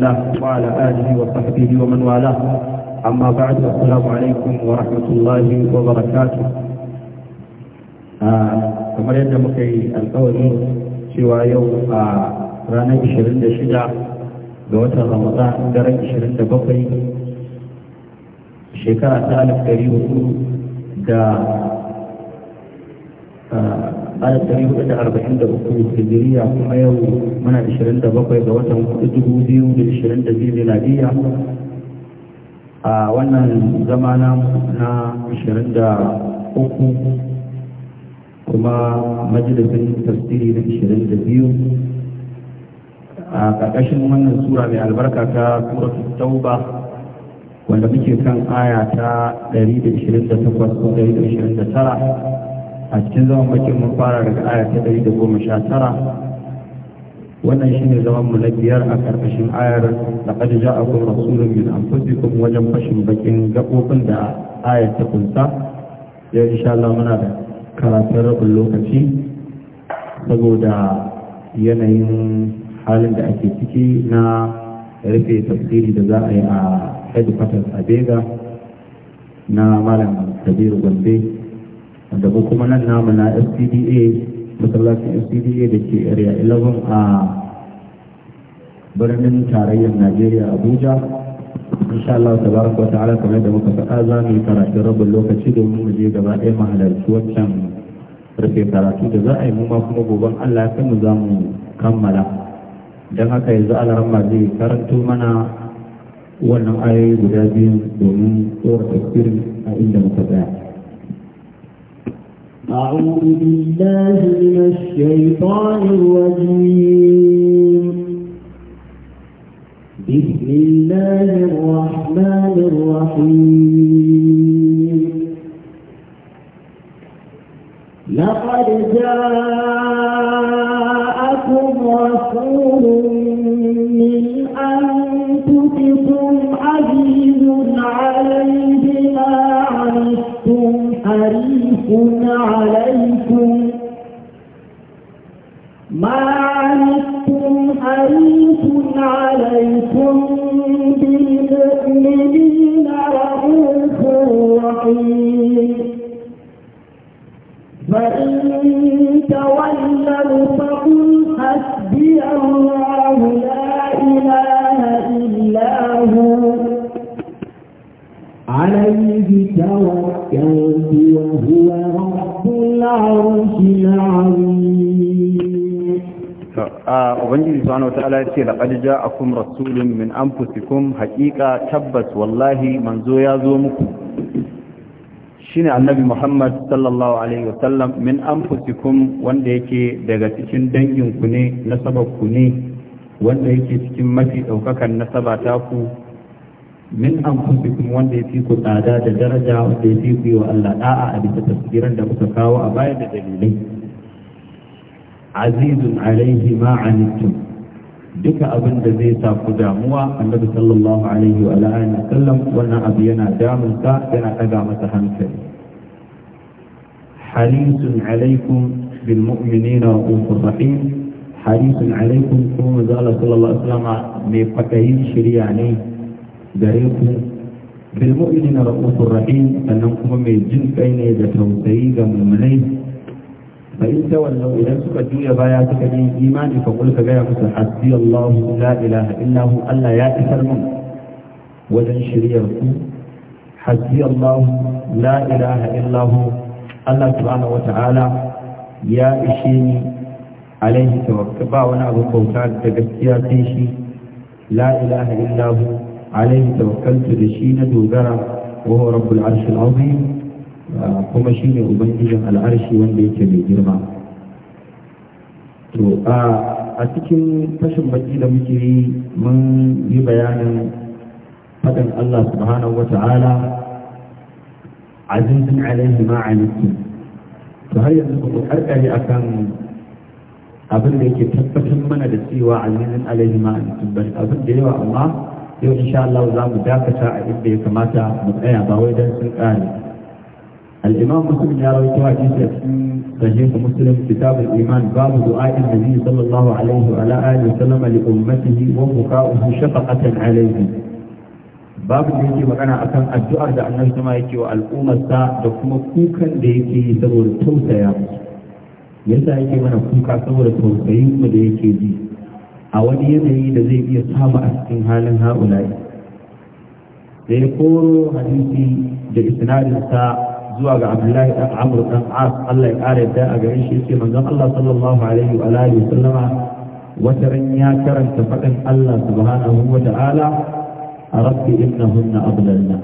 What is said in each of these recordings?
الله وعلى آله وصحبه ومن والاه أما بعد السلام عليكم ورحمة الله وبركاته kamar yadda muka yi alkawari cewa yau a ranar 26 ga watan ramadan daren 27 shekara ta alif da قال السميع إذا أربعين دقيقة الهجرية كما يو من عشرين دقيقة دوته إدهو ديو لعشرين دقيقة ميلادية a wannan zama na uku, kuma majalisin tafsiri na biyu. a ƙarƙashin wannan sura mai albarka ta suratul tauba wanda muke kan aya ta 128 ko 129 a cikin zaman bakin mun fara daga aya ta ɗari da goma sha tara wannan shine zaman mu na biyar a karkashin ayar da kaji ja a kuma rasulun min anfusikum wajen fashin bakin gaɓoɓin da aya ta kunsa ya insha Allah muna da karatun rabin lokaci saboda yanayin halin da ake ciki na rufe tafsiri da za a yi a headquarters a bega na malam kabiru gombe da kuma nan namu na fcda masallacin fcda da ke area 11 a birnin tarayyar najeriya abuja insha Allah tabaraka wa ta'ala kamar da muka faɗa za mu yi karatun rabin lokaci domin mu je gaba ɗaya mu halarci rufe karatu da za a yi mu kuma goben Allah ya mu za mu kammala don haka yanzu alarma zai karanto mana wannan ayoyi guda biyu domin tsoron tafsirin a inda muka tsaya. أعوذ بالله من الشيطان الرجيم بسم الله الرحمن الرحيم لقد جاءكم رسول wataala ya ce laqad ja'akum rasulun min anfusikum haƙiƙa tabbas wallahi manzo ya zo muku shine annabi Muhammad sallallahu alaihi wasallam min anfusikum wanda yake daga cikin dangin ku ne nasabar ku ne wanda yake cikin mafi daukakan nasaba ta ku min anfusikum wanda ya fi ku tsada da daraja wanda ya fi ku yi wa Allah da'a a bisa tafsiran da kuka kawo a baya da dalilai azizun alaihi ma anittum duka abin da zai sa ku damuwa annabi sallallahu alaihi wa alihi wasallam wannan abu yana damun ka yana daga masa hankali harisun alaikum bil mu'minina wa rahim harisun alaikum kuma manzo sallallahu alaihi wasallam mai fadayin shari'a ne gare ku بالمؤمنين رؤوف رحيم أنكم من جنسين يتوسيد ممنين fa in tawallu idan suka juya baya suka yi imani fa kul ka gaya musu hasbi Allahu la ilaha illa hu Allah ya isar mun wajen shiryar ku hasbi Allahu la ilaha illa hu Allah subhanahu wata'ala ya ishe ni alaihi tawakkal ba wani abu bauta da gaskiya sai shi la ilaha illa hu alaihi tawakkaltu da shi na dogara wa huwa rabbul arshil azim Ah, kuma shi ne ubangijin al'arshi wanda yake mai girma to a cikin fashin baki da muke yi mun yi bayanin fadin Allah subhanahu wa ta'ala azizun alaihi ma'aliki to har yanzu ba mu karkare akan abin da yake tabbatar mana da cewa azizun alaihi ma'aliki ba abin da yawa amma yau insha'Allah Allah za mu dakata a inda ya kamata mu tsaya ba wai don sun ƙare الإمام مسلم يا رويت حديث صحيح مسلم كتاب الإيمان باب دعاء النبي صلى الله عليه وعلى آله وسلم لأمته وبكاؤه شفقة عليه باب da yake magana akan addu'ar da annabi kuma yake wa al'ummarsa da kuma kukan da yake yi saboda tausaya yasa yake mana kuka saboda tausayin mu da yake ji a wani yanayi da zai iya samu a cikin halin ha'ula'i da ya koro hadisi da isnadinsa zuwa ga abdullahi dan amr dan as Allah ya kare da a garin shi yake manzon Allah sallallahu alaihi wa alihi sallama wata ran ya karanta fadin Allah subhanahu wa ta'ala rabbi innahunna adlalna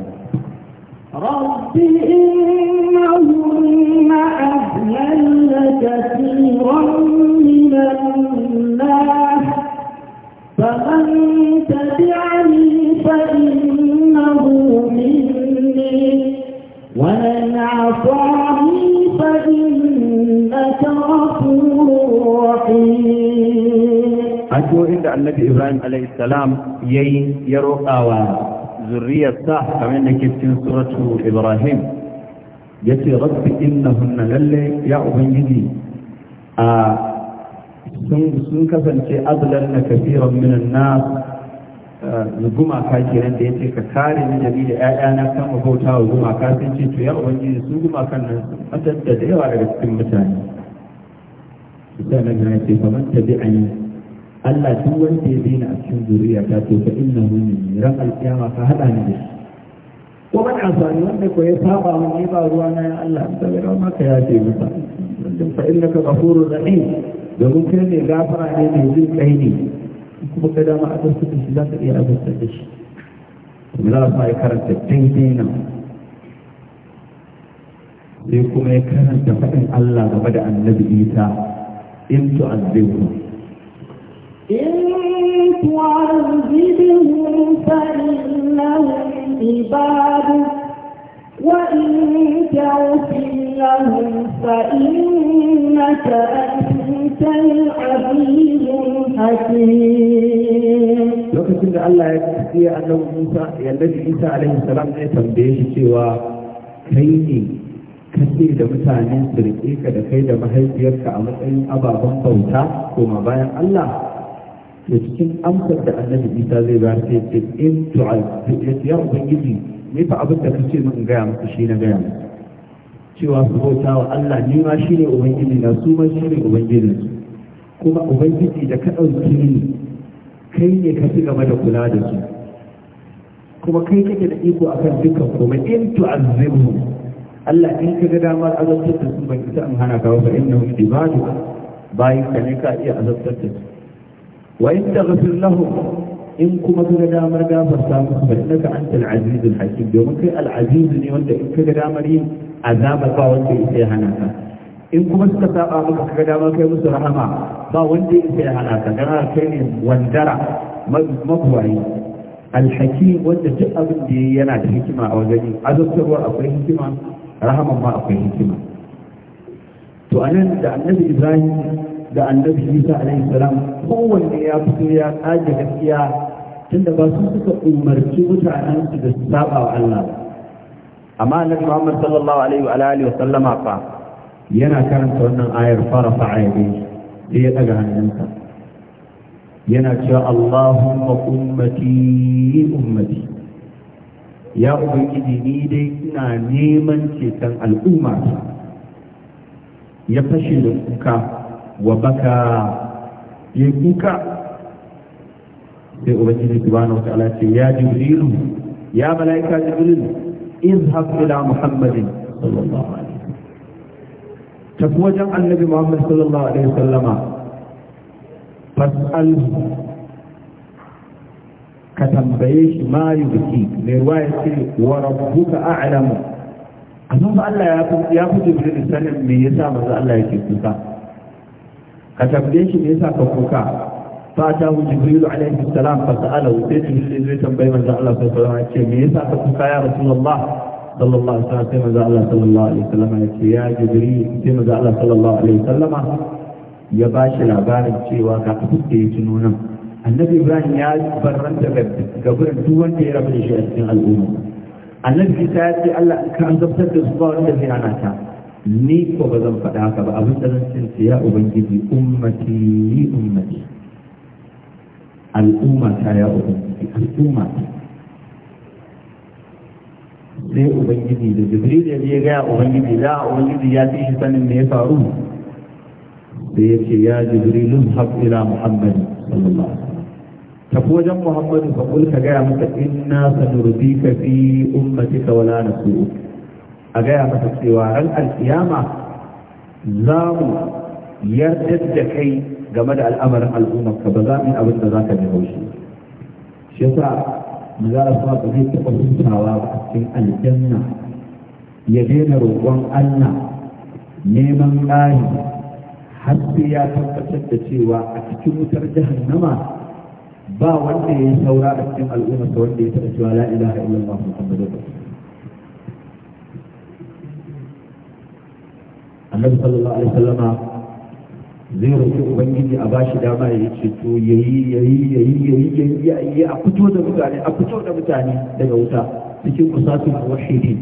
rabbi innahunna adlalna kathiran min الناس فمن addu'o'in da annabi ibrahim alaihi salam yayi ya roƙawa zurriyarsa kamar da ke cikin suratu ibrahim ya ce rabbi innahunna lalle ya ubangiji a sun kasance azlan na kafiran minan na gumaka kenan da ya ce ka kare ni da ni da 'ya'yana kan mabauta wa gumaka sun ce to ya ubangiji su gumakan nan sun fatar da yawa daga cikin mutane sai ya ce faman tabi'ani Allah duk wanda ya zina a cikin zuriya ta to fa inna hu min ran alkiyama ka hada ni da shi ko ban amfani wanda ko ya saba mun yi ba ruwa na ya Allah da ga ma ka ya ce masa dan fa innaka ghafurur rahim domin kai ne gafara ne mai jin kai ne kuma ka dama a tsarki da shi za ka iya azabtar da shi kuma za su karanta daidai nan sai kuma ya karanta faɗin Allah game da annabi Isa in tu'azzibu lokacin da Allah ya tafiya annabi Musa ya nabi Isa alaihi salam ne tambaye shi cewa kai ne kace da mutane su rike ka da kai da mahaifiyarka a matsayin ababen bauta koma bayan Allah da cikin amsar da annabi isa zai bayar sai ce in tu'al ya ubangiji me fa abin da kace min gaya maka shi na gaya cewa su bauta wa Allah ni ma shi ne ubangiji na su ma shi ne ubangiji kuma ubangiji da ka dauki ni kai ne ka fi gaba da kula da su kuma kai kake da iko akan dukkan komai in tu'azzibhum Allah in ka ga damar azabtar da su ban isa in hana ka ba innahum ibadu bayin ka ne ka iya azabtar da su wa in taghfir lahum in kuma ka ga damar gafarta musu fa innaka antal azizul hakim domin kai ne wanda in ka ga damar yin azaba ba wanda hana ka in kuma suka saba maka ka ga damar kai hana ka dan kai ne wandara magwayi alhakim wanda duk abin da yana da hikima a wajen azabtarwa akwai hikima rahaman ma akwai hikima to anan da annabi ibrahim da annabi isa alaihi salam kowanne ya fito ya tsage gaskiya tunda ba su suka umarci mutanen su da su saba wa Allah amma annabi Muhammad sallallahu alaihi wa alihi wa sallama fa yana karanta wannan ayar fara ayyadi da ya daga hannunsa yana cewa Allahumma ummati ummati ya ubangiji ni dai ina neman ceton al'umma ya fashe da kuka wa baka yi kuka sai ubangiji subhanahu ta'ala ce ya jibrilu ya malaika jibril izhab ila muhammadin sallallahu alaihi tafi wajen annabi muhammad sallallahu alaihi wasallama fas'alhu ka tambaye shi ma yi biki mai ruwa ya ce wa rabbuka a'lamu amma Allah ya fi jibril sanin me yasa maza Allah yake kuka ka tambaye shi me yasa ka kuka fa ta hu jibril alaihi salam fa sa'ala wa sai jibril zai tambaye manzo Allah sallallahu alaihi wasallam ce me yasa ka kuka ya rasulullah sallallahu alaihi wasallam sai manzo Allah sallallahu alaihi wasallam ya ce ya jibril sai manzo Allah sallallahu alaihi wasallam ya ba shi labarin cewa ga annabi ibrahim ya barranta ga duk wanda ya rabu da shi a cikin al'umma annabi isa ya ce Allah ka zabtar da su ba wanda zai ta ni ko ba zan faɗa haka ba abin tsanancin ya ubangiji ummati ni ummati al'umma ta ya ubangiji al'umma ta sai ubangiji da jibril ya gaya ubangiji da ubangiji ya fi shi sanin me ya faru da ya ce ya jibrilun hab ila muhammad sallallahu alaihi wasallam tafi wajen muhammadu fa ka gaya maka inna sanurdika fi ummatika wala ku. a gaya masa cewa ran alkiyama za mu yarda da kai game da al'amarin al'umma ba za mu yi abin da za ka ji haushi shi yasa manzara kuma ba zai taɓa hutawa a cikin aljanna ya daina roƙon allah neman ƙari har sai ya tabbatar da cewa a cikin wutar jahannama ba wanda ya yi saura a cikin al'ummarsa wanda ya taɓa cewa la ilaha illallah muhammadu rasulullah annabi sallallahu alaihi wasallama zai roƙi ubangiji a bashi dama ya yi ceto yayi yayi yayi yayi yayi a fito da mutane a fito da mutane daga wuta cikin kusatul muwahhidin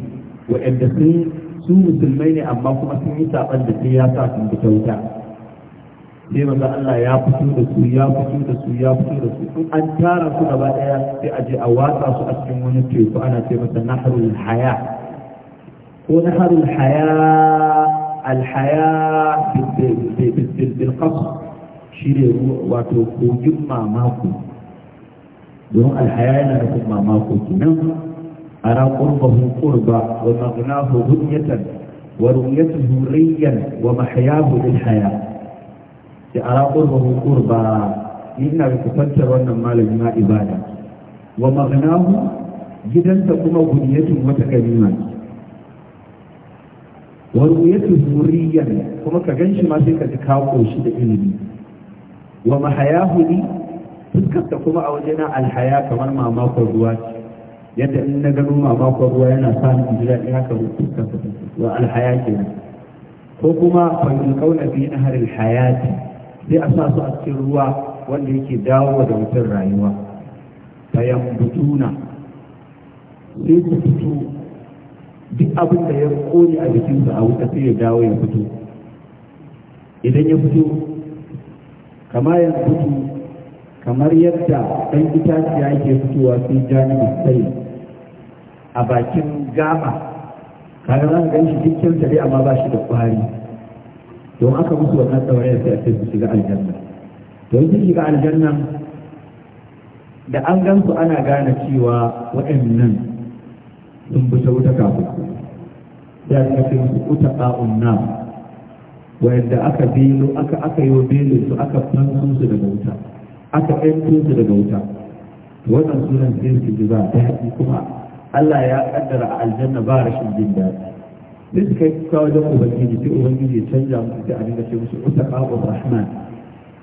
wa'anda sun su musulmai ne amma kuma sun yi saban da sai ya sa sun fita wuta sai manzo Allah ya fito da su ya fito da su ya fito da su in an tara su gaba daya sai a je a watsa su a cikin wani teku ana ce masa nahrul haya ko nahrul haya alhaya bilkaf yana a raƙon bahun ƙurba wa wannan malami kuma wata wa ru'yatu huriyan kuma ka ganshi ma sai ka ji da ilimi wa mahayahu li fuskarta kuma a wajena alhaya kamar mamakon ruwa ce yadda in na gano mamakon ruwa yana sa ni ji daɗi haka wa alhaya kenan ko kuma fa'il kauna fi nahar alhayati sai a sa su a ruwa wanda yake dawo da mutum rayuwa fayambutuna sai su fito duk abin da ya kone a sa a wuta sai ya dawo ya fito idan ya fito kama ya fito kamar yadda ɗan ya yake fitowa sai da sai a bakin gaba kaga za ka gan shi cikin dai amma ba shi da kwari don aka musu wannan tsawarayar sai a ce su shiga aljanna don su shiga aljanna da an gan su ana gane cewa waɗannan sun bi wuta kafin ya ga ce musu uta ƙa'un na wanda aka bilo aka aka yi wa su aka fansu su daga wuta aka ƴanto su daga wuta wannan sunan sai su ji ba daɗi kuma Allah ya kaddara a aljanna ba rashin jin daɗi duk kai yi kuka wajen ubangiji sai ubangiji ya canja musu da abin da ce musu uta ƙa'un rahman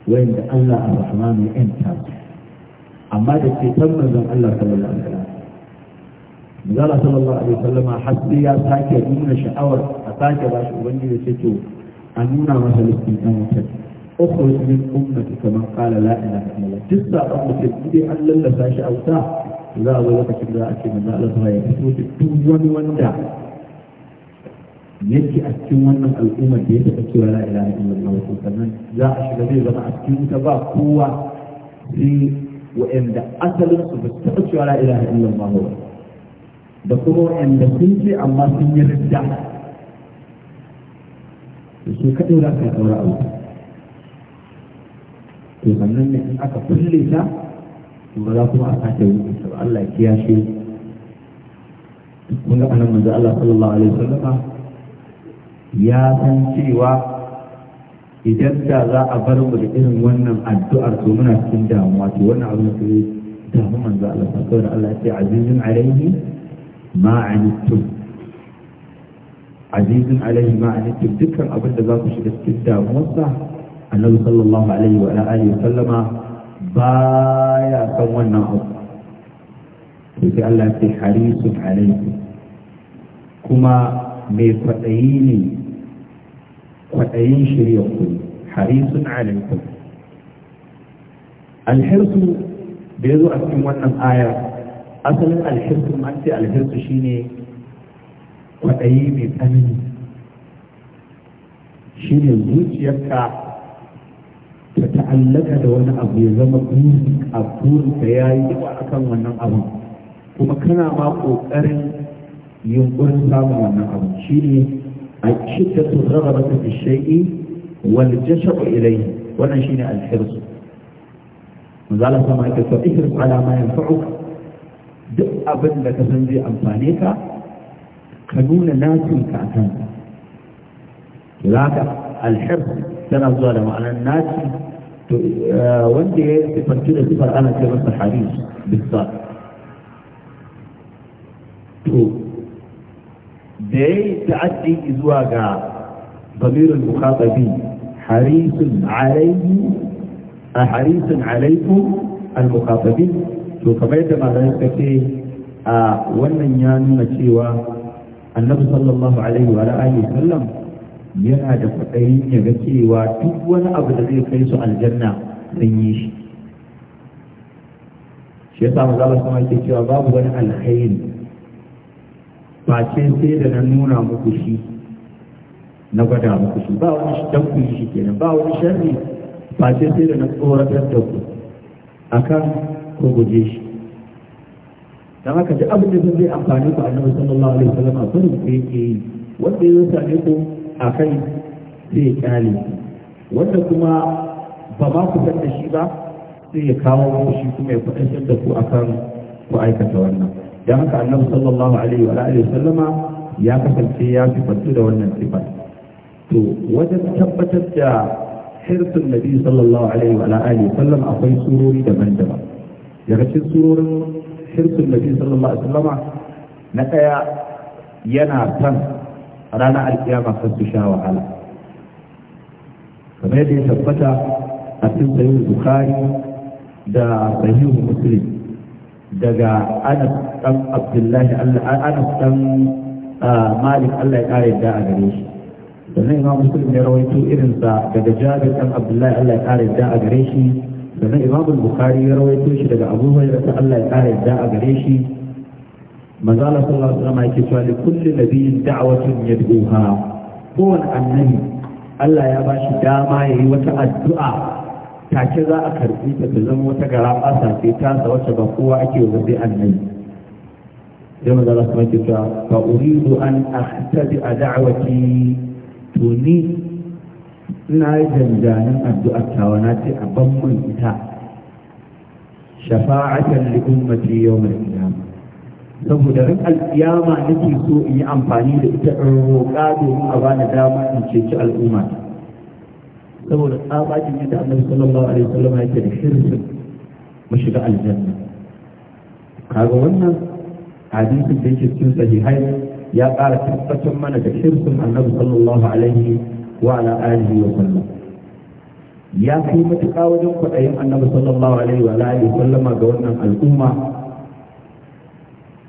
wanda Allah ar-rahman ya ƴanta amma da ce tan manzon Allah sallallahu alaihi wasallam zala sallallahu alaihi wasallam hasi ya sake nuna sha'awar a sake ba shi ubangiji ce to a nuna masa listin ɗan wutar ukhruj min ummati kaman qala la ilaha illallah duk sabon mutu idan an lallasa shi a wuta za a zo lokacin da ake manzo Allah ta ya fito duk wani wanda yake a cikin wannan al'ummar da ya taɓa cewa la ilaha illallah to sannan za a shiga zai zama a cikin wuta ba kowa sai wa'anda asalin su ba su taɓa cewa la ilaha illallah ba da kuma wa'anda sun ce amma sun yi ridda da su kaɗai za ka yi ɗaura aure to sannan ne in aka kulle ta ba za kuma a sake yi ta Allah ya shi kun ga anan manzo Allah sallallahu alaihi wasallam ya san cewa idan da za a bar mu da irin wannan addu'ar to muna cikin damuwa to wannan abin sai damu manzo Allah saboda Allah ya ce azizun alaihi ma anittum azizun alaihi ma anittum dukkan abin da za ku shiga cikin damuwarsa annabi sallallahu alaihi wa alihi wa sallama baya san wannan abu to sai Allah ya ce harisun alaihi kuma mai kwaɗayi ne kwaɗayin shirya ku da ya zo a cikin wannan aya asalin alhirsu ma ce alhirsu shine kwaɗayi mai tsanani shine zuciyarka ta ta'allaka da wani abu ya zama burin a burinka ya yi a akan wannan abu kuma kana ma ƙoƙarin yunƙurin samun wannan abu ne a shiddatu rarraba fi wani wal jashu ilai wannan shine alhirsu manzo Allah sama ake so ihris ala ma yanfa'uka duk abin da ka zai amfane ka ka nuna nacin ka kan zaka alhir tana zuwa da ma'anar naci eh, wanda ya sifanci da sifar ana ce masa haris bisa to da ya yi ta'addi zuwa ga ضمير المخاطبين حريص عليه حريص عليكم to kamar yadda malamai suka ce a wannan ya nuna cewa annabi sallallahu alaihi wa alihi sallam yana da kwaɗayin ya ga cewa duk wani abu da zai kai su aljanna zan yi shi shi yasa mu zaba sama ke cewa babu wani alkhairi ba ce sai da na nuna muku shi na gwada muku shi ba wani shi ku shi kenan ba wani sharri ba ce sai da na tsoratar da ku akan ko guje shi dan haka duk abin da zai amfani ku annabi sallallahu alaihi wasallam a kullum ku yake yi wanda ya same ko a kai sai ya kyale wanda kuma ba ma ku san da shi ba sai ya kawo muku shi kuma ya kudin da ku akan ku aikata wannan dan haka annabi sallallahu alaihi wa alihi wasallama ya kasance ya fi fitattu da wannan sifar to wajen tabbatar da hirsun nabi sallallahu alaihi wa alihi wasallam akwai surori daban-daban daga cikin surorin shirkin nabi sallallahu alaihi wasallam na ɗaya yana san ranar alkiyama kan su sha wahala kamar yadda ya tabbata a cikin sahih bukhari da sahih muslim daga anas dan abdullahi anas dan ah, malik Allah ya kare da a gare shi sannan imam muslim ya rawaito irinsa daga jabir dan abdullahi Allah ya kare da a gare shi sannan imamul Bukhari ya rawaito shi daga abu hurairah ta Allah ya kara yadda a gare shi manzo Allah sallallahu alaihi wasallam yake cewa li kulli nabiyyin da'watun yad'uha kowane annabi Allah ya ba shi dama ya yi wata addu'a take za a karbi ta ta zama wata gara ƙasa ta sa wacce ba kowa ake wa sai annabi sai manzo Allah sallallahu alaihi wasallam yake cewa fa uridu an ahtabi da'wati to ni Ina yi janjanin addu'ar tawa na ce a ban mun ita shafa'atan li ummati yawmal qiyamah saboda rin alkiyama nake so in yi amfani da ita in roƙa domin a bani dama in ceci al'umma saboda tsabakin yadda annabi sallallahu alaihi wasallam yake da hirsin mu shiga aljanna kaga wannan hadisin da yake cikin sahihai ya ƙara tabbatar mana da hirsin annabi sallallahu alaihi wa ala alihi wa sallam ya kai matuƙa wajen kwaɗayin annabi sallallahu alaihi wa alihi wa sallama ga wannan al'umma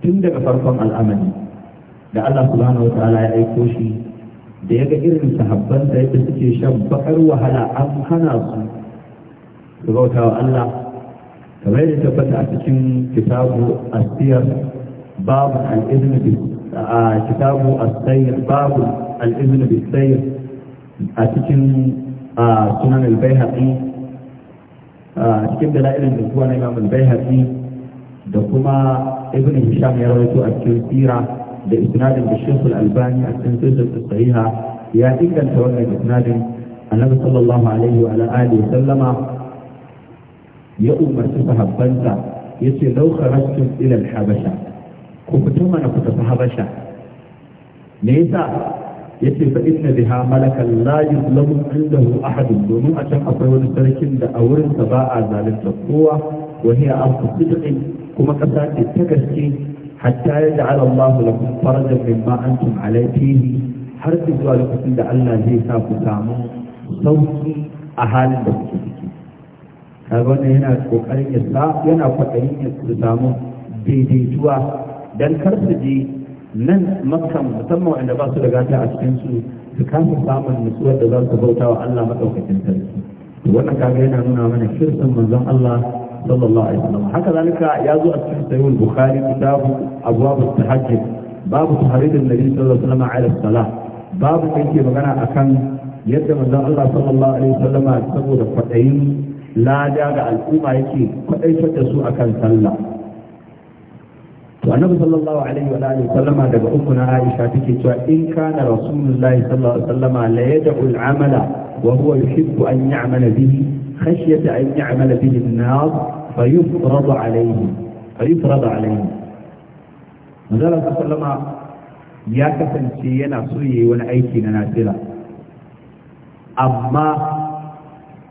tun daga farkon al'amari da Allah subhanahu wa ta'ala ya aiko shi da ya ga irin sahabban da yadda suke shan bakar wahala an hana su su bauta wa Allah kamar da tabbata a cikin kitabu asiyar a kitabu asiyar babu al'izini bisayar a cikin sunan al-baihaqi a cikin dalailin da kuwa na imam al-baihaqi da kuma ibn hisham ya rawaito a cikin sira da isnadin da shaykh al-albani a cikin sirrin sahiha ya inganta wannan isnadin annabi sallallahu alaihi wa alihi sallama ya umarci sahabbansa yace law kharajtum ila al-habasha ku fito mana ku tafi habasha me yasa yace fa inna biha malakan la yuzlamu indahu ahad domin a can akwai wani sarkin da a wurin sa ba a zalunta kowa wa hiya ardu sidqi kuma kasa ce ta gaske hatta yaj'al Allah lakum farajan mimma antum alayhi har zuwa lokacin da Allah zai sa ku samu sauki a halin da kuke ciki kaga wannan yana kokarin ya sa yana kwadayin ya samu daidaituwa dan kar su je nan makka musamman wanda ba su da gata a cikin su su kasa samun nutsuwar da za su bauta wa Allah madaukakin sarki wannan kaga yana nuna mana kirsan manzon Allah sallallahu alaihi wasallam haka zalika ya zo a cikin sahih al-bukhari kitabu abwab at-tahajjud babu tahrid an-nabi sallallahu alaihi wasallam ala salah babu yake magana akan yadda manzon Allah sallallahu alaihi wasallam saboda kwadayin lada ga al'umma yake kwadaitar da su akan sallah to annabi sallallahu alaihi wa alihi daga uku na Aisha take cewa in kana rasulullahi sallallahu alaihi wasallama la yad'u al-amala wa huwa yuhibbu an ya'mala bihi khashyata an ya'mala bihi an-nas fayufrad alayhi fayufrad alayhi manzala sallama ya kasance yana so yayi wani aiki na nafila amma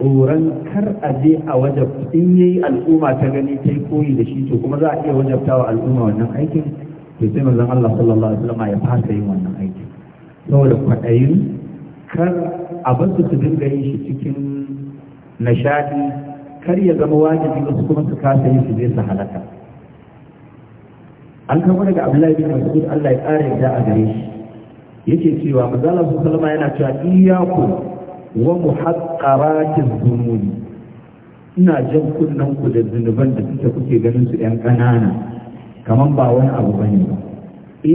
tsoron kar a je a wajab in yi al'umma ta gani ta yi koyi da shi to kuma za a iya wajabta wa al'umma wannan aikin to sai manzon Allah sallallahu alaihi wasallam ya fasa yin wannan aikin saboda kwaɗayin kar a bar su dinga yin shi cikin nishadi kar ya zama wajibi su kuma su kasa yin su zai su halaka an kama daga Abdullahi bin Mas'ud Allah ya ƙara yadda a gare shi yake cewa manzon Allah sallallahu alaihi wasallam yana cewa iyyakum wa muhaqqaratiz zunubi ina jin kunnan ku da zunuban da kuke kuke ganin su yan kanana kaman ba wani abu bane ba ku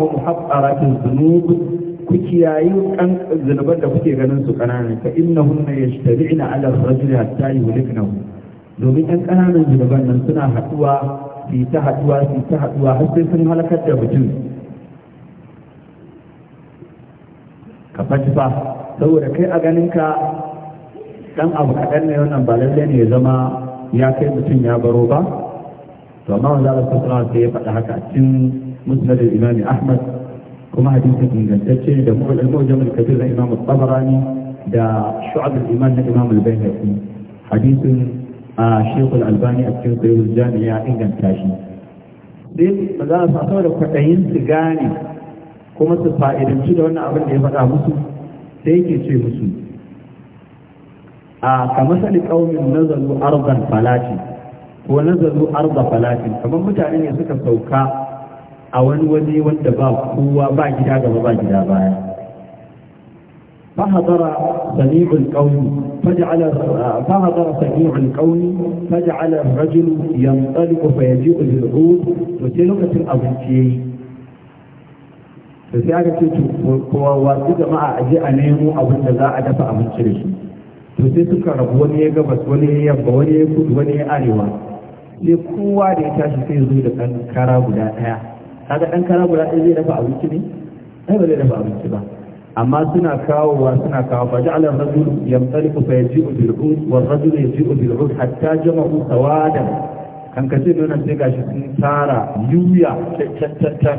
wa muhaqqaratiz zunubi ku kiyayi kan zunuban da kuke ganin su kanana fa innahunna yashtabi'na ala ar-rajuli hatta yuhliknahu domin yan kananan zunuban nan suna haduwa su ta haduwa su ta haduwa har sai sun halakar da mutum ka fa. saboda kai a ganinka ka dan abu kaɗan ne wannan ba lalle ne ya zama ya kai mutum ya baro ba to amma wanda Allah sallallahu alaihi ya faɗa haka cikin musnad al-Imam Ahmad kuma hadisin ingantacce da mu'jam al-kabir na Imam al-Tabarani da shu'ab al-iman na Imam al-Baihaqi hadisin Sheikh al-Albani a cikin Sahih jami ya inganta shi din maza sa saboda kwaɗayin su gane kuma su fa'idanci da wannan abin da ya faɗa musu sai ke ce musu a kamar sani ƙaunin nazaru arzan falati ko nazaru arza falati kamar mutane ne suka sauka a wani waje wanda ba kowa ba gida gaba ba gida baya فحضر سميع الكون فجعل فحضر سميع الكون فجعل الرجل ينطلق lokacin abinci ya yi. da sai aka ce kowa wasu jama'a a je a nemo abin da za a dafa abinci da shi to sai suka rabu wani ya gabas wani ya yamma wani ya kudu wani ya arewa sai kowa da ya tashi sai zo da ɗan kara guda ɗaya kaga ɗan kara guda ɗaya zai dafa abinci ne ai ba zai dafa abinci ba amma suna kawowa suna kawo fa ja'ala ar-rajulu yamtaliqu fa yaji'u bil ud wa ar-rajulu yaji'u bil ud hatta jama'u sawadan kan kace nonan sai gashi sun tara yuya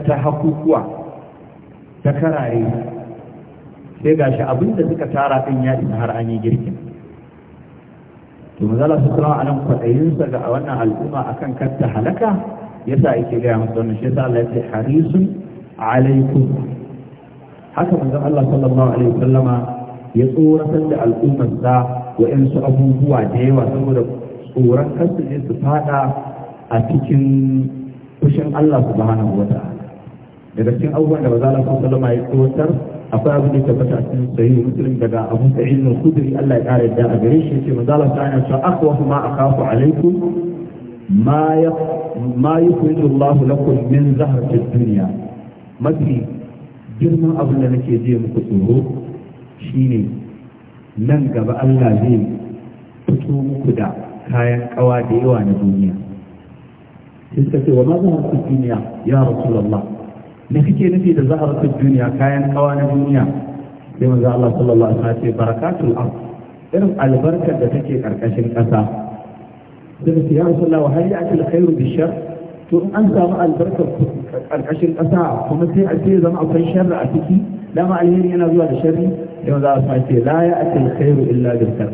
ta hakukuwa ta karare sai gashi abin da suka tara ɗin ya isa har an yi girkin to mazala su kuma a nan kwaɗayinsa ga wannan al'umma akan kar ta halaka sa ake gaya masu wannan shi ya sa Allah ya ce harisun alaikum haka manzon Allah sallallahu alaihi wasallama ya tsoratar da al'ummar sa wa wa'ansu abubuwa da yawa saboda tsoron kansu ne su fada a cikin kushin Allah subhanahu wa ta'ala daga cikin abubuwan da bazala sun sallama ya tsotar akwai abin da ya tabbata a cikin sahihu muslim daga abu sa'id al khudri Allah ya kare da a gare shi yace manzala ta yana cewa akhwafu ma akhafu alaikum ma ya ma yukhriju Allah lakum min zahrati duniya mafi girman abin da nake je muku tsoro shine nan gaba Allah zai fito muku da kayan kawa da yawa na duniya sai suka ce wa ma zahrati duniya ya rasulallah. da kike nufi da zaharatul duniya kayan kawa na duniya sai manzo Allah sallallahu alaihi wasallam ya ce barakatul ard irin albarkar da take karkashin kasa sai ce ya rasulullah wa hayya akil khairu shar to in an samu albarkar karkashin kasa kuma sai a ce zama akwai sharri a ciki dama alheri yana zuwa da sharri sai manzo Allah ya ce la ya akil khairu illa bishar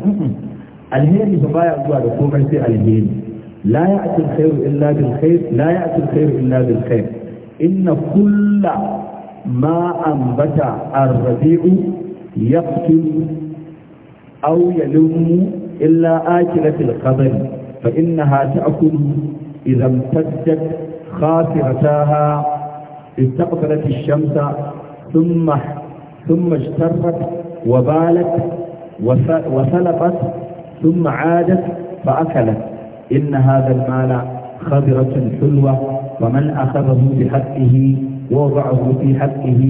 alheri ba ya zuwa da komai sai alheri la ya akil khairu illa bil khair la ya akil khairu illa bil khair إن كل ما أنبت الربيع يقتل أو يلم إلا آكلة القبر فإنها تأكل إذا امتدت خاسرتاها استقبلت الشمس ثم ثم اجترت وبالت وثلقت ثم عادت فأكلت إن هذا المال خضرة حلوة ومن أخذه بحقه ووضعه في حقه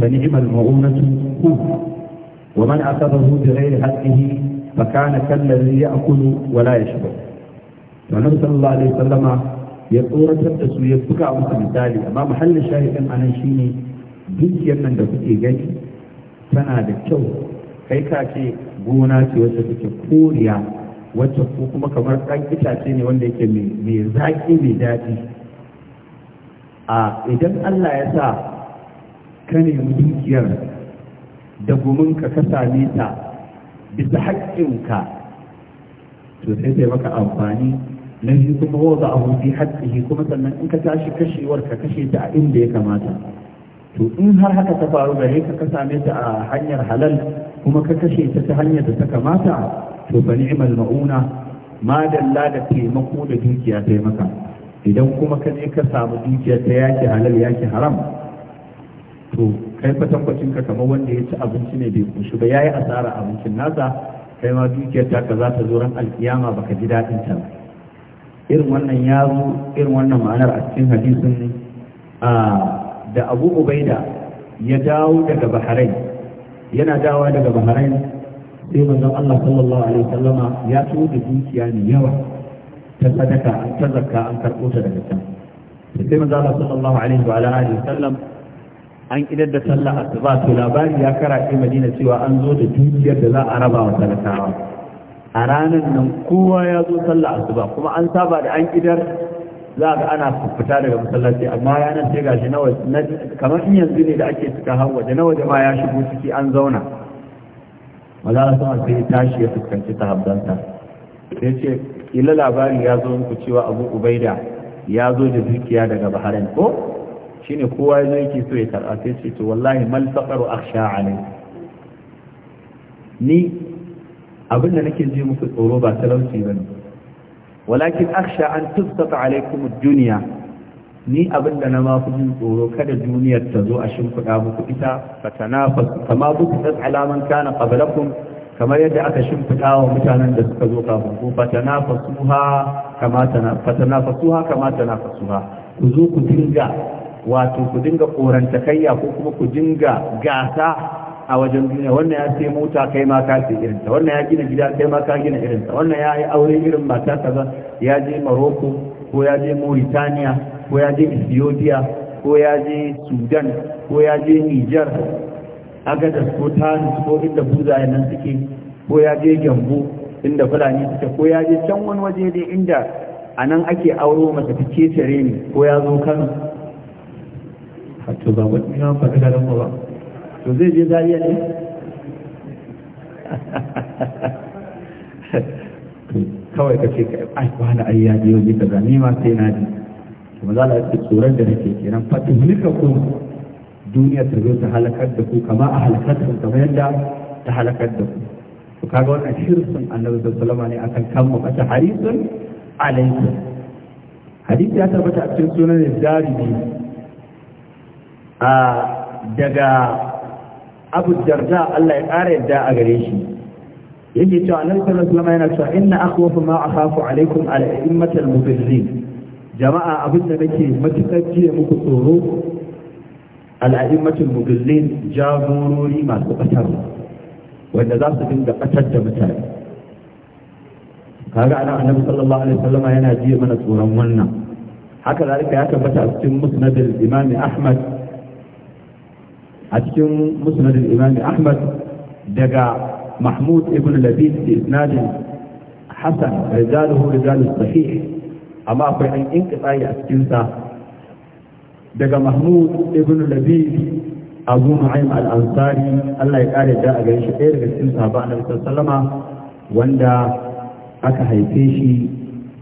فنعم المعونة كوف ومن أخذه بغير حقه فكان كالذي يأكل ولا يشرب ونبي صلى الله عليه وسلم يقول رجل تسوية بكاء مثل أما محل الشاهد أن أنا شيني بيك يمن دفتي جاي فنادك شو هيكا بوناتي وسبك wacce ko kuma kamar ɗan itace ne wanda yake mai zaƙi mai daɗi a idan Allah ya sa ka nemi dukiyar da gominka ka same ta bisa haƙƙinka to sai sai maka amfani na biyu kuma wa a hufi haƙƙihi kuma sannan in ka tashi kashewar ka kashe ta a inda ya kamata to in har haka ta faru gare ka ka same ta a hanyar halal kuma ka kashe ta ta hanyar da ta kamata to fa ni'mal mauna ma dalla da taimako da dukiya ta maka idan kuma ka je ka samu dukiya ta yaki halal yaki haram to kai fa tabbacin ka kamar wanda ya ci abinci ne bai kushi ba yayi asara abincin nasa kai ma dukiyar ta ka za ta zo ran alkiyama baka ji dadin ta ba irin wannan ya zo irin wannan ma'anar a cikin hadisin ah, da abu ubaida ya dawo daga baharai yana dawa daga bahrain sai manzon Allah sallallahu alaihi sallama ya so da dukiya ne yawa ta sadaka an ta zakka an karɓo ta daga can sai manzon Allah sallallahu alaihi wa alihi wasallam an idar da sallah asuba to labari ya karaɗe Madina cewa an zo da dukiyar da za a raba wa talakawa a ranar nan kowa ya zo sallah asuba kuma an saba da an idar za ga ana fita daga masallaci amma ranar sai gashi nawa kamar in yanzu ne da ake cika har waje na waje ma ya shigo ciki an zauna maza sama sai ya tashi ya fuskanci ta habdanta sai ce ila labari ya zo muku cewa abu ubaida ya zo da dukiya daga baharin ko shine kowa ya zo yake so ya karɓa sai ce to wallahi mal faqaru akhsha alai ni abin nake ji muku tsoro ba talauci ne. walakin Aksha an tustata alaikum ad-dunya ni abinda na ma kujin tsoro kada duniyar ta zo a shimfiɗa muku ita kama buku tas alaman kana qablakum kamar yadda aka shimfiɗa wa mutanen da suka zo kafin ku fatanafasuha kama kama tanafasuha ku zo ku dinga wato ku dinga korantakayya ko kuma ku dinga gasa a wajen duniya wannan ya sai mota kai ma ka sai irinta wannan ya gina gida kai ma ka gina irinta wannan ya yi aure irin mata kaza ya je Maroko, ko ya je Mauritania ko ya je Ethiopia ko ya je Sudan ko ya je Niger Agadez ko Tanis ko inda buzaye nan suke ko ya je Gyambo, inda Fulani suke ko ya je can wani waje dai inda a nan ake auro masa fice tare ne ko ya zo Kano. Hatta ba wani ya faɗi garin ba. to zai je zariya ne kawai ka ce ai ba na ai ya biyo ji kaza ni ma sai na ji kuma za a ce tsoron da nake kenan fatin hulka ko duniya ta zo ta halakar da ku kama a halakar da ku kamar yadda ta halakar da ku to kaga wannan shirsun annabi da sulama ne akan kan mu kata harisun alaikun hadisi ya tabbata a cikin sunan da dari a ah, daga abu darda Allah ya ƙara yadda a gare shi yake cewa nan sallallahu alaihi wasallam yana cewa inna akhwafu ma a akhafu alaikum ala immatal mudillin jama'a abin da nake matukar jiya muku tsoro al'a'immatul mudillin jagorori masu batarwa wanda za su dinga batar da mutane kaga ana annabi sallallahu alaihi wasallam yana jiya mana tsoron wannan haka zalika ya tabbata a cikin musnadil imam ahmad a cikin musnad imam ahmad daga mahmud ibn labid da isnadin hasan rijaluhu rijalus sahih amma akwai an inkitsayi a cikin sa daga mahmud ibn labid abu al-ansari Allah ya kare da a gare shi ɗaya daga cikin sahaba annabi sallama wanda aka haife shi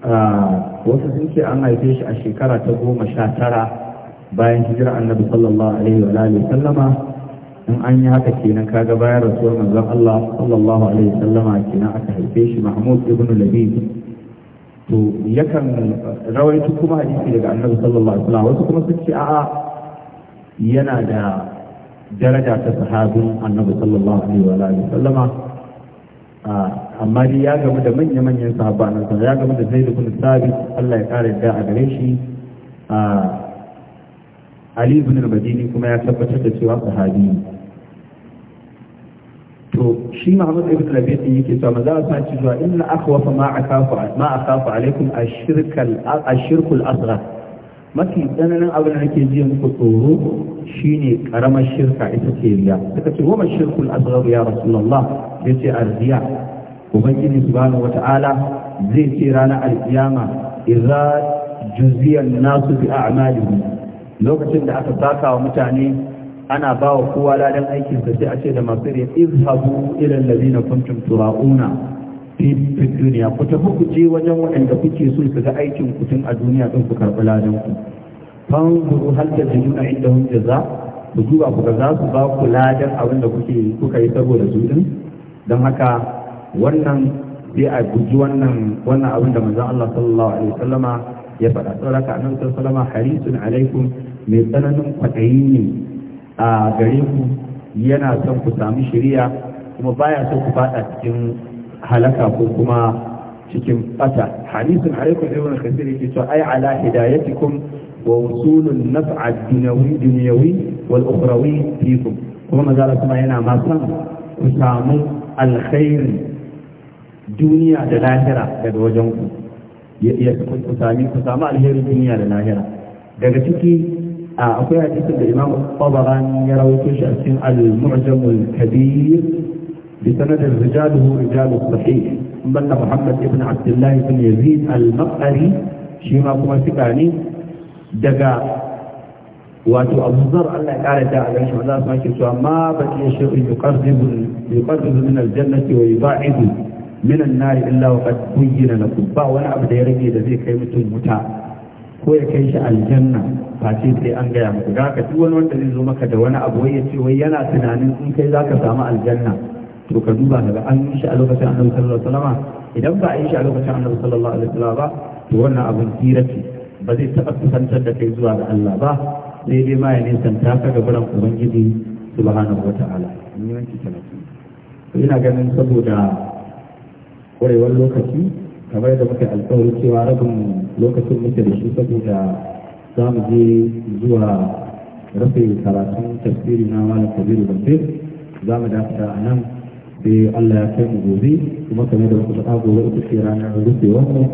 ah, wasu sun ce an haife shi a shekara ta goma sha tara bayan hijira annabi sallallahu alaihi wa alihi sallama in an yi haka kenan kaga bayan rasuwar manzon Allah sallallahu alaihi sallama kenan aka haife shi Mahmud ibn Labib to yakan rawaito kuma hadisi daga annabi sallallahu alaihi wasallam wasu kuma sun ce a'a yana da daraja ta sahabin annabi sallallahu alaihi wa alihi sallama amma dai ya gamu da manya-manyan sahabba nan ya gamu da Zaid ibn Thabit Allah ya kare da a gare shi ali ibn al-madini kuma ya tabbatar da cewa sahabi ne to shi Muhammad ibn Rabi din yake cewa maza Allah ce cewa inna akhwafa ma akafu ma akafu alaikum ashirkal ashirkul asghar mafi tsananin abin da nake ji muku tsoro shine karamar shirka ita ce riya suka ce wa shirkul asghar ya rasulullah Ya ce arziya ubangiji subhanahu wata'ala zai ce ranar alkiyama idza juziyan an-nasu bi a'malihim lokacin da aka saka wa mutane ana ba wa kowa ladan aikin sai a ce da masu rai izhabu ilan lazina kuntum tura'una fi duniya ku tafi ku je wajen waɗanda kuke so su ga aikin ku tun a duniya don ku karɓi ladan ku fanzuru hal tajiduna indahum jaza ku duba ku ga za su ba ku ladan abin da kuke kuka yi saboda su din don haka wannan sai a guji wannan wannan abin da manzon Allah sallallahu alaihi wasallama ya faɗa saboda ka annabi sallallahu alaihi wasallama harisun alaikum mai tsananin kwaɗayi ne a gare ku yana son ku sami shiriya kuma baya son ku fada cikin halaka ko kuma cikin fata hadisin alaikun ibn kasir yake cewa ai ala hidayatikum wa wusulun naf'a dunyawi dunyawi wal ukhrawi fikum kuma mazala kuma yana ma son ku samu alkhairi duniya da lahira daga wajen ku ya ku sami ku samu alherin duniya da lahira daga ciki أقول حديث الإمام الطبغان يروي تجأسين المعجم الكبير بسند رجاله رجال الصحيح بل محمد بن عبد الله بن يزيد المقري شيما كما سكاني دقا واتو أبو ذر الله تعالى تعالى شو الله ما كنتو ما بك شيء يقرب يقرب من الجنة ويباعد من النار إلا وقد بين لكم فهو نعبد يرقي ذي كلمة المتاع ko ya kai shi aljanna face sai an gaya maka da ka duk wani wanda zai zo maka da wani abu wai ya ce wai yana tunanin in kai za ka samu aljanna to ka duba daga an yi shi a lokacin annabi sallallahu alaihi wasallam idan ba a yi shi a lokacin annabi sallallahu alaihi wasallam ba to wannan abun hira ce ba zai taɓa kusantar da kai zuwa ga Allah ba sai dai ma ya nisanta ka ga buran ubangiji subhanahu wataala ni wanki talatin ina ganin saboda kwarewar lokaci kamar da muka alkawari cewa rabin lokacin muke da shi saboda za mu je zuwa rafe karatun tafsiri na malam kabiru bashir za mu dafa a nan sai allah ya kai mu gobe kuma kamar da muka faɗa gobe ita ce ranar rufe wannan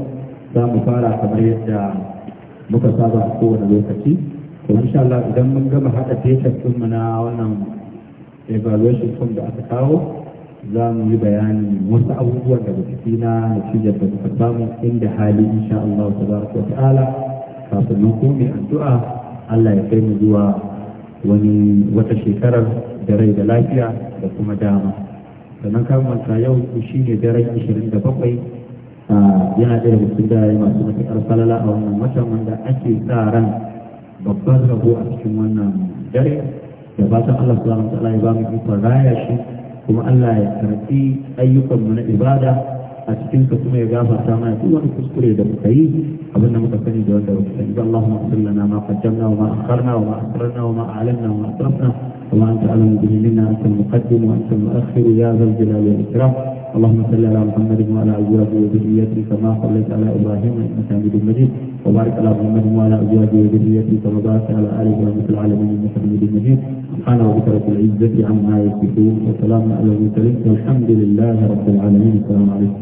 za mu fara kamar yadda muka saba a kowane lokaci to insha allah idan mun gama haɗa fetur mu na wannan evaluation form da aka kawo za mu yi bayanin wasu abubuwan da basu na natijar da kuka samu inda hali insha Allah tabaraka wa ta'ala kafin mu komi addu'a Allah ya kai mu zuwa wani wata shekarar da rai da lafiya da kuma dama sannan kamanta yau shi ne daren 27 yana ɗaya da cikin dare masu matuƙar falala a wannan watan wanda ake sa ran babban rabo a cikin wannan dare da ta Allah subhanahu wa ta'ala ya ba mu ikon raya shi kuma Allah ya karɓi ayyukanmu na ibada a cikin ka kuma ya gafarta mana duk wani kuskure da muka yi abin da muka sani da wanda muka sani ba Allahumma ighfir lana ma qaddamna wa ma akharna wa ma asrarna wa ma a'lanna wa ma asrafna wa anta a'lamu bihi minna anta al-muqaddim wa anta al-mu'akhir ya dhal jalali wal ikram اللهم صل على محمد وعلى ازواجه وذريته كما صليت على ابراهيم انك حميد مجيد وبارك على محمد وعلى ازواجه وذريته كما باركت على ال ابراهيم في العالمين انك حميد مجيد سبحان ربك رب العزه عما يصفون وسلام على المرسلين والحمد لله رب العالمين السلام عليكم